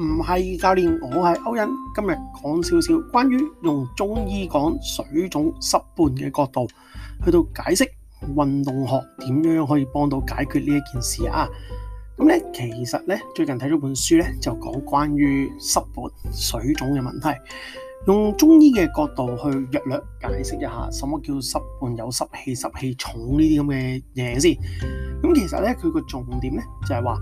唔係教練，我係歐恩。今日講少少關於用中醫講水腫濕胖嘅角度，去到解釋運動學點樣可以幫到解決呢一件事啊！咁咧，其實咧最近睇咗本書咧，就講關於濕胖水腫嘅問題，用中醫嘅角度去略略解釋一下，什麼叫濕胖有濕氣、濕氣重呢啲咁嘅嘢先。咁其實咧，佢個重點咧就係話，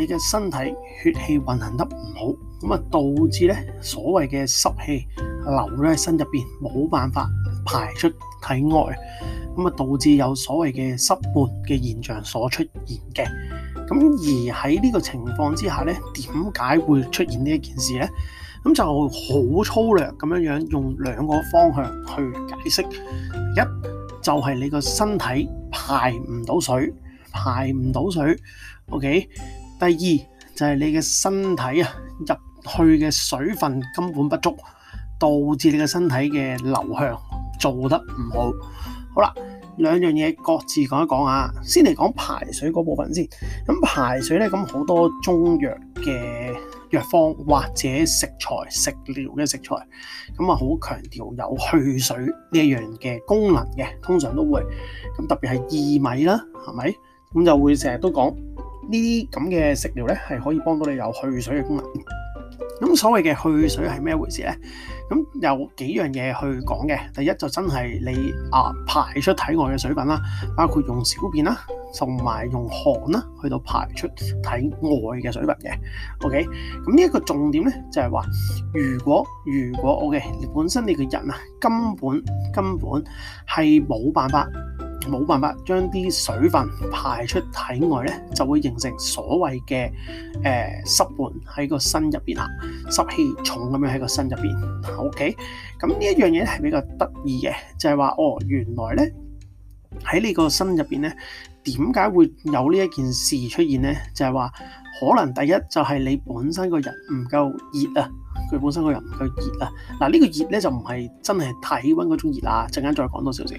你嘅身體血氣運行得唔好，咁啊導致呢所謂嘅濕氣留咗喺身入邊，冇辦法排出體外，咁啊導致有所謂嘅濕胖嘅現象所出現嘅。咁而喺呢個情況之下呢，點解會出現呢一件事呢？咁就好粗略咁樣樣用兩個方向去解釋，一就係、是、你個身體排唔到水，排唔到水，OK。第二就係你嘅身體啊入去嘅水分根本不足，導致你嘅身體嘅流向做得唔好。好啦，兩樣嘢各自講一講啊。先嚟講排水嗰部分先。咁排水呢，咁好多中藥嘅藥方或者食材食療嘅食材，咁啊好強調有去水呢一樣嘅功能嘅，通常都會。咁特別係薏米啦，係咪？咁就會成日都講。呢啲咁嘅食療呢，係可以幫到你有去水嘅功能。咁所謂嘅去水係咩回事呢？咁有幾樣嘢去講嘅。第一就真係你啊排出體外嘅水分啦，包括用小便啦，同埋用汗啦，去到排出體外嘅水分嘅。OK，咁呢一個重點呢，就係話，如果如果 OK，你本身你嘅人啊根本根本係冇辦法。冇辦法將啲水分排出體外呢，就會形成所謂嘅誒濕胖喺個身入邊啊，濕氣重咁樣喺個身入邊。OK，咁呢一樣嘢咧係比較得意嘅，就係話哦，原來呢，喺你個身入邊呢，點解會有呢一件事出現呢？就係話可能第一就係你本身個人唔夠熱啊。佢本身個人唔夠熱啊，嗱呢個熱咧就唔係真係體溫嗰種熱啊，陣間再講多少少。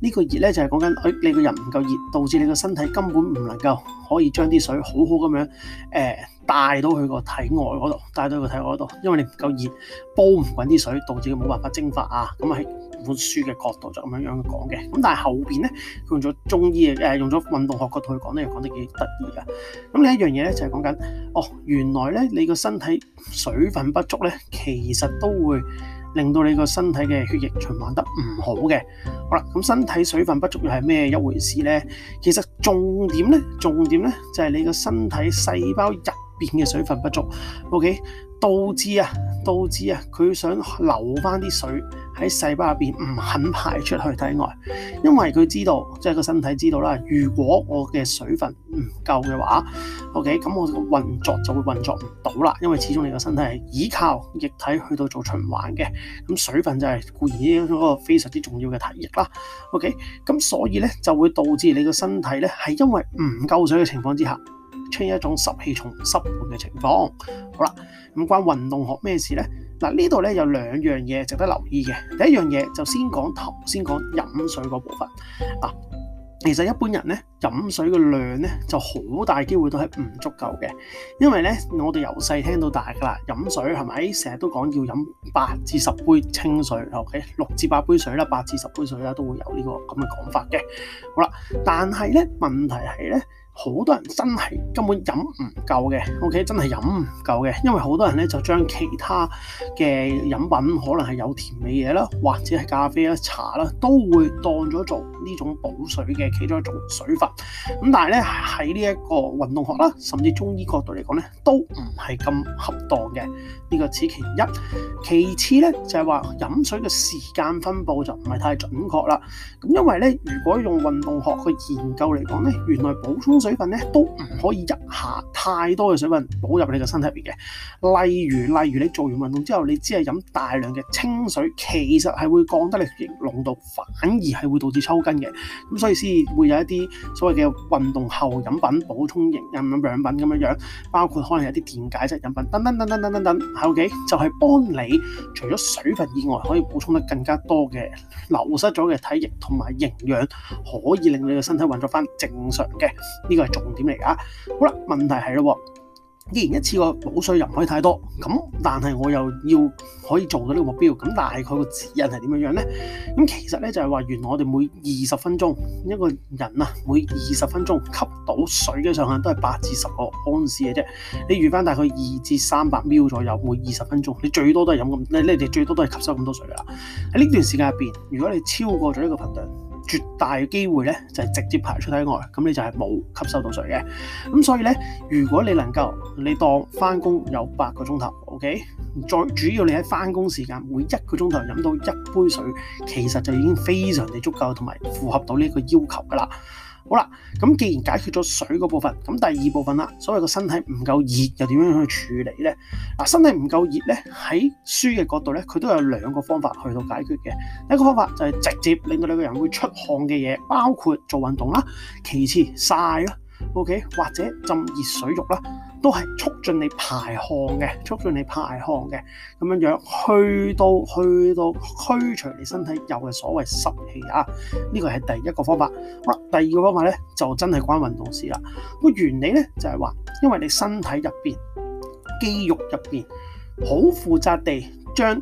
呢個熱咧就係講緊，你你個人唔夠熱，導致你個身體根本唔能夠可以將啲水好好咁樣誒帶到去個體外嗰度，帶到去個體外嗰度，因為你唔夠熱，煲唔滾啲水，導致佢冇辦法蒸發啊，咁係。本書嘅角度就咁樣樣講嘅，咁但係後邊呢，佢用咗中醫嘅、啊，用咗運動學角度去講呢，又講得幾得意噶。咁另一樣嘢呢，就係講緊哦，原來呢，你個身體水分不足呢，其實都會令到你個身體嘅血液循環得唔好嘅。好啦，咁身體水分不足又係咩一回事呢？其實重點呢，重點呢，就係你個身體細胞入。變嘅水分不足，OK，導致啊，導致啊，佢想留翻啲水喺細胞入邊，唔肯排出去體外，因為佢知道，即係個身體知道啦，如果我嘅水分唔夠嘅話，OK，咁我運作就會運作唔到啦。因為始終你個身體係依靠液體去到做循環嘅，咁水分就係固然呢嗰個非常之重要嘅體液啦。OK，咁所以呢，就會導致你個身體呢，係因為唔夠水嘅情況之下。出現一種濕氣重濕的、濕悶嘅情況。好啦，噉關運動學咩事呢？嗱，呢度呢有兩樣嘢值得留意嘅。第一樣嘢就先講頭，先講飲水嗰部分。嗱，其實一般人呢，飲水嘅量呢就好大機會都係唔足夠嘅。因為呢，我哋由細聽到大噶啦，飲水係咪？成日都講要飲八至十杯清水，OK，六至八杯水啦，八至十杯水啦，都會有呢、這個咁嘅講法嘅。好啦，但係呢問題係呢。好多人真係根本飲唔夠嘅，OK，真係飲唔夠嘅，因為好多人咧就將其他嘅飲品，可能係有甜味嘢啦，或者係咖啡啦、茶啦，都會當咗做呢種補水嘅其中一種水分。咁但係咧喺呢一個運動學啦，甚至中醫角度嚟講咧，都唔係咁恰當嘅。呢個此其一，其次咧就係話飲水嘅時間分布就唔係太準確啦。咁因為咧，如果用運動學去研究嚟講咧，原來補充水分咧都唔可以一下太多嘅水分補入你嘅身體入邊嘅，例如例如你做完運動之後，你只係飲大量嘅清水，其實係會降低你鹽濃度，反而係會導致抽筋嘅。咁所以先會有一啲所謂嘅運動後飲品補充營養嘅飲品咁樣樣，包括可能有啲電解質飲品，等等等等等等等，O K 就係、是、幫你除咗水分以外，可以補充得更加多嘅流失咗嘅體液同埋營養，可以令你嘅身體運作翻正常嘅。呢個係重點嚟㗎，好啦，問題係咯，既然一次過補水又唔可以太多，咁但係我又要可以做到呢個目標，咁大概個指引係點樣樣呢？咁其實呢，就係話，原來我哋每二十分鐘一個人啊，每二十分鐘吸到水嘅上限都係八至十個安士嘅啫。你預翻大概二至三百秒左右，每二十分鐘，你最多都係飲咁，你你哋最多都係吸收咁多水啦。喺呢段時間入邊，如果你超過咗呢個頻率，絕大機會呢就係直接排出體外，咁你就係冇吸收到水嘅。咁所以呢，如果你能夠你當翻工有八個鐘頭，OK，再主要你喺翻工時間每一個鐘頭飲到一杯水，其實就已經非常之足夠，同埋符合到呢個要求噶啦。好啦，咁既然解決咗水嗰部分，咁第二部分啦，所謂個身體唔夠熱又點樣去處理呢？嗱，身體唔夠熱呢，喺書嘅角度呢，佢都有兩個方法去到解決嘅。第一個方法就係直接令到你個人會出汗嘅嘢，包括做運動啦，其次晒咯，OK，或者浸熱水浴啦。都係促進你排汗嘅，促進你排汗嘅咁樣樣，去到去到驅除你身體有嘅所謂濕氣啊！呢個係第一個方法。好啦，第二個方法呢，就真係關運動事啦。咁原理呢，就係話，因為你身體入邊肌肉入邊好負責地將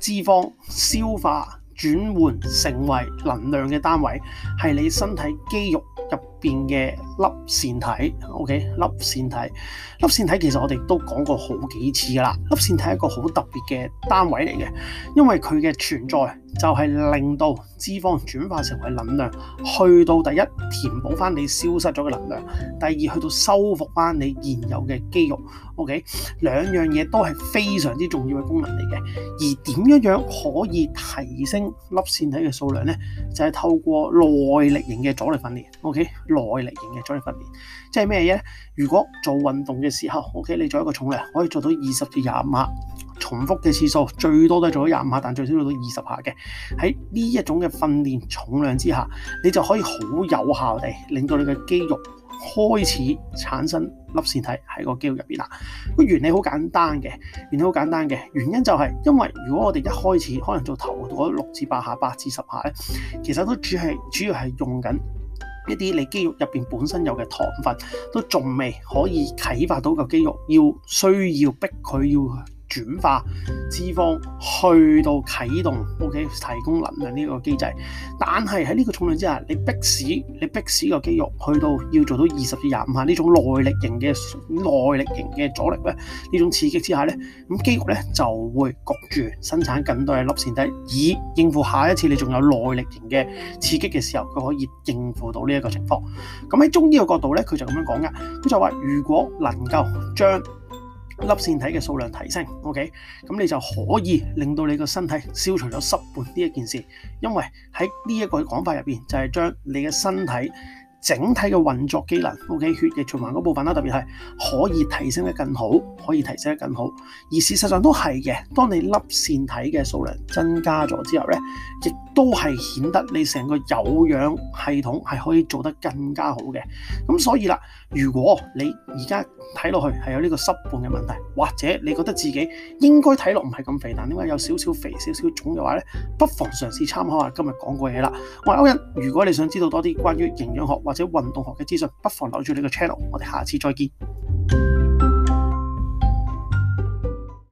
脂肪消化轉換成為能量嘅單位，係你身體肌肉入變嘅粒線體，OK，粒線體，粒線體其實我哋都講過好幾次㗎啦。粒線體係一個好特別嘅單位嚟嘅，因為佢嘅存在就係令到脂肪轉化成為能量，去到第一填補翻你消失咗嘅能量，第二去到修復翻你現有嘅肌肉，OK，兩樣嘢都係非常之重要嘅功能嚟嘅。而點樣樣可以提升粒線體嘅數量呢？就係透過耐力型嘅阻力訓練，OK。耐力型嘅阻力訓練，即係咩嘢咧？如果做運動嘅時候，OK，你做一個重量，可以做到二十至廿五下，重複嘅次數最多都係做到廿五下，但最少做到二十下嘅。喺呢一種嘅訓練重量之下，你就可以好有效地令到你嘅肌肉開始產生粒線體喺個肌肉入面啦。原理好簡單嘅，原理好簡單嘅原因就係因為如果我哋一開始可能做頭嗰六至八下、八至十下咧，其實都主要係主要係用緊。一啲你肌肉入面本身有嘅糖分，都仲未可以啟發到個肌肉，要需要逼佢要。轉化脂肪去到啟動，OK，提供能量呢個機制。但係喺呢個重量之下，你迫使你迫使個肌肉去到要做到二十至廿五下呢種耐力型嘅耐力型嘅阻力咧，呢種刺激之下呢，咁肌肉呢就會焗住生產更多嘅粒線體，以應付下一次你仲有耐力型嘅刺激嘅時候，佢可以應付到呢一個情況。咁喺中醫嘅角度呢，佢就咁樣講㗎，佢就話如果能夠將粒線體嘅數量提升，OK，咁你就可以令到你個身體消除咗濕胖呢一件事，因為喺呢一個講法入面，就係、是、將你嘅身體整體嘅運作機能，OK，血液循環嗰部分啦，特別係可以提升得更好，可以提升得更好，而事實上都係嘅。當你粒線體嘅數量增加咗之後呢，亦都係顯得你成個有氧系統係可以做得更加好嘅，咁所以啦，如果你而家睇落去係有呢個濕胖嘅問題，或者你覺得自己應該睇落唔係咁肥，但點解有少少肥少少腫嘅話呢，不妨嘗試參考下今日講過嘢啦。我係歐恩，如果你想知道多啲關於營養學或者運動學嘅資訊，不妨留住呢個 channel，我哋下次再見。